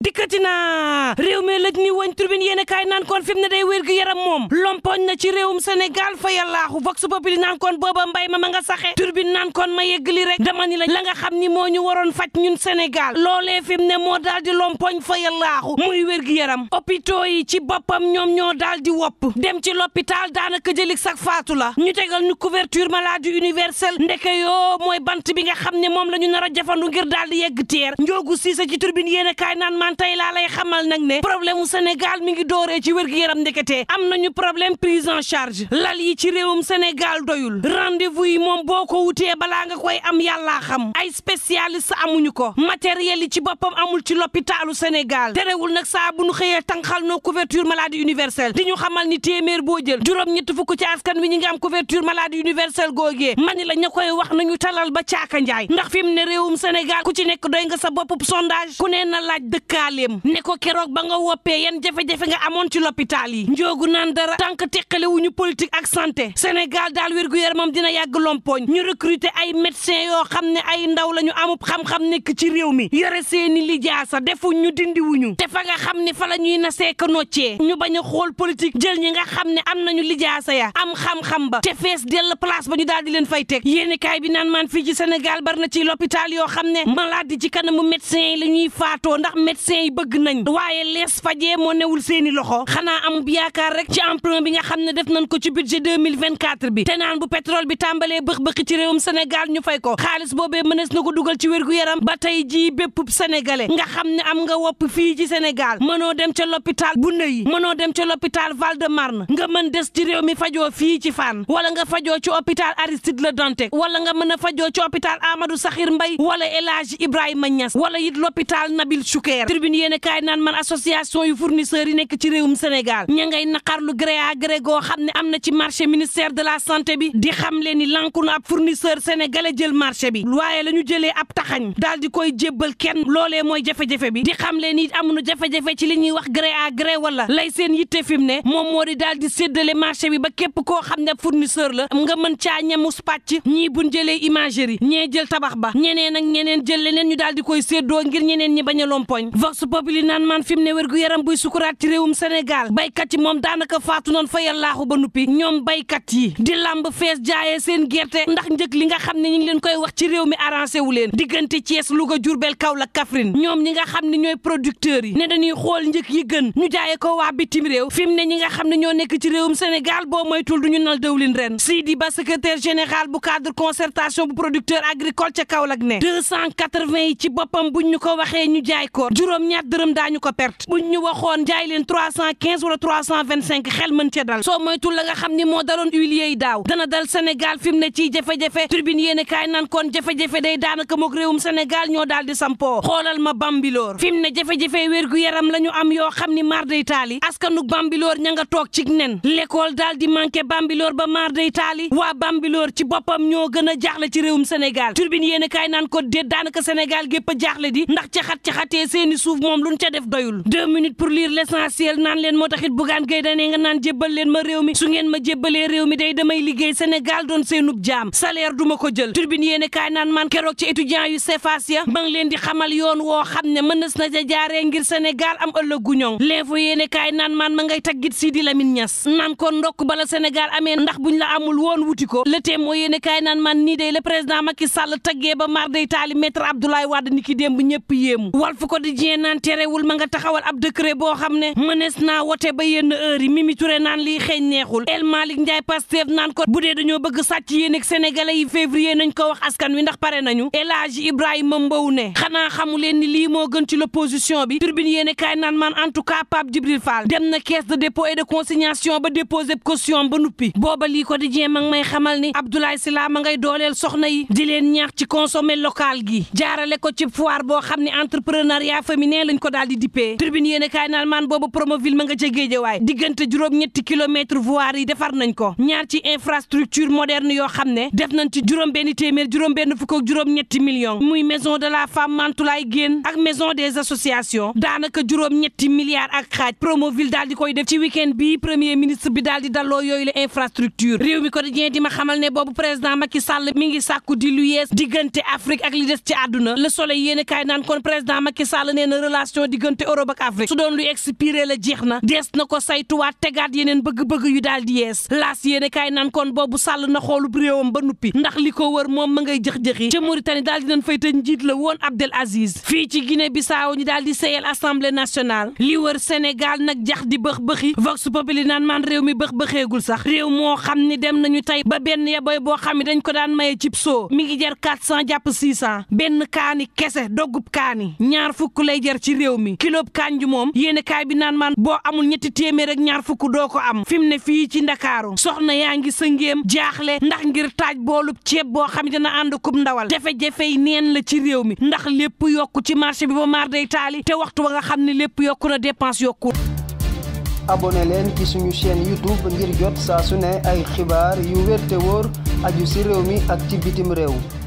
dikkati naa réew mi lëj ni wañ turbine yéen naan koon fi mu ne day wér gu yaram moom lompoñ na ci réewum Sénégal fa yàllaaxu vox populi naan koon booba mbay ma ma nga saxe turbine naan koon ma yeggali rek dama ni la la nga xam ni moo ñu waroon faj ñun Sénégal loolee fi mu ne moo daal di lompoñ fa yàllaaxu muy wér gu yaram hôpitaux yi ci boppam ñoom ñoo daal di wopp dem ci l'hôpital daanaka jëlig sax faatu la ñu tegal ñu couverture maladie universelle ndeke yoo mooy bant bi nga xam ne moom la ñu nar a jafandu ngir daal di yegg teer njoogu man tey laa lay xamal nag ne problème mu Sénégal mi ngi dooree ci wér-gu-yaram ndekete am nañu problème prise en charge lal yi ci réewum Sénégal doyul rendez-vous yi moom boo ko wutee balaa nga koy am yàllaa xam ay spécialiste amuñu ko matériel yi ci boppam amul ci l'hôpitalu Sénégal terewul nag saa bu nu xëyee tànqal noo couverture maladie universelle di ñu xamal ni téeméer boo jël juróom-ñett fukk ci askan wi ñu ngi am couverture maladie universelle googee mani la ña koy wax nañu talal ba caaka njaay ndax fi mu ne réewum Sénégal ku ci nekk doy nga sa bopp sondage ku ne na laaj dëkk xaaleem ko keroog ba nga woppee yan jafe-jafe amoon ci l'hôpital yi njoogu naan dara tànk teqale wuñu politique ak santé Sénégal daal wér-gu-yaramam dina yàgg lompooñ ñu recruter ay médecins yoo xam ne ay ndaw la ñu amub xam-xam nekk ci réew mi yore seeni lijaasa defuñ ñu dindi wuñu te fa nga xam ne fa la ñuy nasee ko noccee ñu bañ a xool politique jël ñi nga xam ne am nañu lijaasa ya am xam-xam ba te fees dell place ba ñu daal di leen fay teg yéenekaay bi naan maan fii ci Sénégal bar na ci l'hôpital yoo xam ne malade ci kanamu médecin yi la faatoo ndax médecin médecins yi bëgg nañ waaye lees fajee moo newul seeni loxo xanaa amub yaakaar rek ci emprunt bi nga xam ne def nañ ko ci budget 2024 bi te naan bu pétrole bi tàmbalee bëx-bëxi ci réewum Sénégal ñu fay ko xaalis boobee mënees na ko dugal ci wér yaram ba tey jii bépp sénégalais nga xam ne am nga wopp fii ci Sénégal mënoo dem ca l'hôpital bu nëyi mënoo dem ca l'hôpital Val-de-Marne nga mën des ci réew mi fajoo fii ci Fann wala nga fajoo ci hôpital Aristide la Dantec wala nga mën a fajoo ci hôpital Amadou Sakhir Mbaye wala El Hadji Ibrahima wala it l'hôpital Nabil Choucair turbine yéen a kaay naan man association yu fournisseurs yi nekk ci réewum Sénégal ña ngay naqar lu gré goo xam ne am na ci marché ministère de la santé bi di xam leen ni lanku na ab fournisseur sénégalais jël marché bi waaye la ñu jëlee ab taxañ daal di koy jébbal kenn loolee mooy jafe bi di xam leen ni amuñu jafe ci li ñuy wax gré à gré wala lay seen yitte fi mu ne moom moo di daal di séddale marché bi ba képp koo xam ne fournisseur la nga mën caa ñamus pàcc ñii buñ jëlee imagerie ñee jël tabax ba ñeneen ak ñeneen jël leneen ñu daal di koy séddoo ngir ñeneen ñi bañ a lompoñ vox populi naan maan fi mu ne wér gu yaram buy sukuraat ci réewum Sénégal baykat yi moom daanaka faatu noon fa yàllaaxu ba nuppi ñoom baykat gerte ndax njëg li nga xam ne ñi ngi leen koy wax ci réew mi arrangé wu leen diggante Thiès Louga Diourbel Kaolack Kaffrine ñoom ñi nga xam ne ñooy producteurs yi ne dañuy xool njëg yi gën ñu jaayee ko waa bitim réew fi mu ne ñi nga xam ne ñoo nekk ci réewum Sénégal boo moytul du ñu nal dawlin ren Sidi Ba secrétaire général bu cadre concertation bu producteur agricole ca Kaolack ne 280 yi ci boppam buñ ñu ko waxee ñu jaay ko juróom-ñaar dërëm daañu ko perte buñ ñu waxoon jaay leen 315 wala 325 xel mën cee dal soo moytul la nga xam ni moo daloon huiliers yi daaw dana dal Sénégal fi mu ne ciy jafe-jafe tribune yéen kaay nan kon jafe-jafe day daanaka moog réewum Sénégal ñoo fi mu ne jafe-jafe wér-gu-yaram la ñu am yoo xam ni mar day taali askanu Bambilor ña nga toog ci nen l'école daal di manqué Bambilor ba mar day taali waa Bambilor ci boppam ñoo gën a jaaxle ci réewum Sénégal tribune yéen kaay naan ko déet daanaka Sénégal gépp a jaaxle di ndax ci xat ci xatee seeni suuf moom lu ñu ca def doyul deux minutes pour lire l'essentiel naan leen moo taxit bugaan gay danee nga naan jébbal leen ma réew mi su ngeen ma jébbalee réew mi day damay liggéey Sénégal doon seenub jaam salaire du ma ko jël turbine yéene kaay naan man keroog ci étudiant yu CFAS ya ma leen di xamal yoon woo xam ne mënees na ca jaaree ngir senegal am ëllëg gu ñoŋ l'info yéene kaay naan man ma ngay taggit Sidi min Niass naan ko ndokk bala Sénégal amee ndax buñ la amul woon wuti ko le témoin yéene kaay naan man nii day le président Macky Sall taggee ba mar day taali maître Abdoulaye Wade ni naan terewul ma nga taxawal ab décret boo xam ne mënees naa wote ba yenn heure yi Mimi Touré naan liy xeeñ neexul El Malick Ndiaye Pastef naan ko bu dañoo bëgg sàcc yéen ak sénégalais yi février nañ ko wax askan wi ndax pare nañu El Hadji Ibrahima Mbow ne xanaa xamu leen ni lii moo gën ci l'opposition bi turbine yéen kaay naan man en tout cas Pape Djibril Fall dem na caisse de dépôt et de consignation ba déposé caution ba nuppi booba lii ko di jéem may xamal ni Abdoulaye Sylla gi jaarale ko féminin lañ ko daal di dippee tribune yéene kaay naan maan booba Promoville ma nga ca Géejawaay diggante juróom-ñetti kilomètre voies yi defar nañ ko ñaar ci infrastructure moderne yoo xam ne def nañ ci juróom benn téeméer juróom benn fukk ak juróom-ñetti millions muy maison de la femme Mantoulaye Guène ak maison des associations daanaka juróom-ñetti milliards ak xaaj Promoville daal di koy def ci week-end bi premier ministre bi daal di dalloo yooyu la infrastructure réew mi quotidien di ma xamal ne boobu président Macky Sall mi ngi sàkku di lu yees diggante Afrique ak li des ci àdduna le soleil yéene kaay naan kon président Macky Sall nee benn relation diggante Europe ak Afrique su doon lu expiré la jeex na dees na ko saytuwaat tegaat yeneen bëgg-bëgg yu daal di yees laas yéene kaay naan kon boobu sàll na xoolub réewam ba nuppi ndax li ko wër moom ma ngay jëx-jëxi ca Mauritanie daal dinañ fay tëj jiit la woon Abdel Aziz fii ci Guinée Bissau ñi daal di seyal assemblée nationale li wër Sénégal nag jax di bëx bëxi vox populi naan man réew mi bëx bëxeegul sax réew moo xam ni dem nañu tey ba benn yaboy boo xam ne dañ ko daan maye cib soo mi ngi jar 400 jàpp 600 benn kaani kese doggub kaani lay jar ci réew mi kiloob kànj moom yéen kaay bi naan man boo amul ñetti téeméer ak ñaar fukk doo ko am fi mu ne fii ci ndakaaru soxna yaa ngi sëngéem jaaxle ndax ngir taaj boolu ceeb boo xam ne na ànd kub ndawal jafe-jafe yi neen la ci réew mi ndax lépp yokku ci marché bi ba maar day taali te waxtu ba nga xam ne lépp yokku na dépense yokku abonné leen ci suñu chaîne youtube ngir jot saa su ne ay xibaar yu wér te wóor aju si réew mi ak ci bitim réew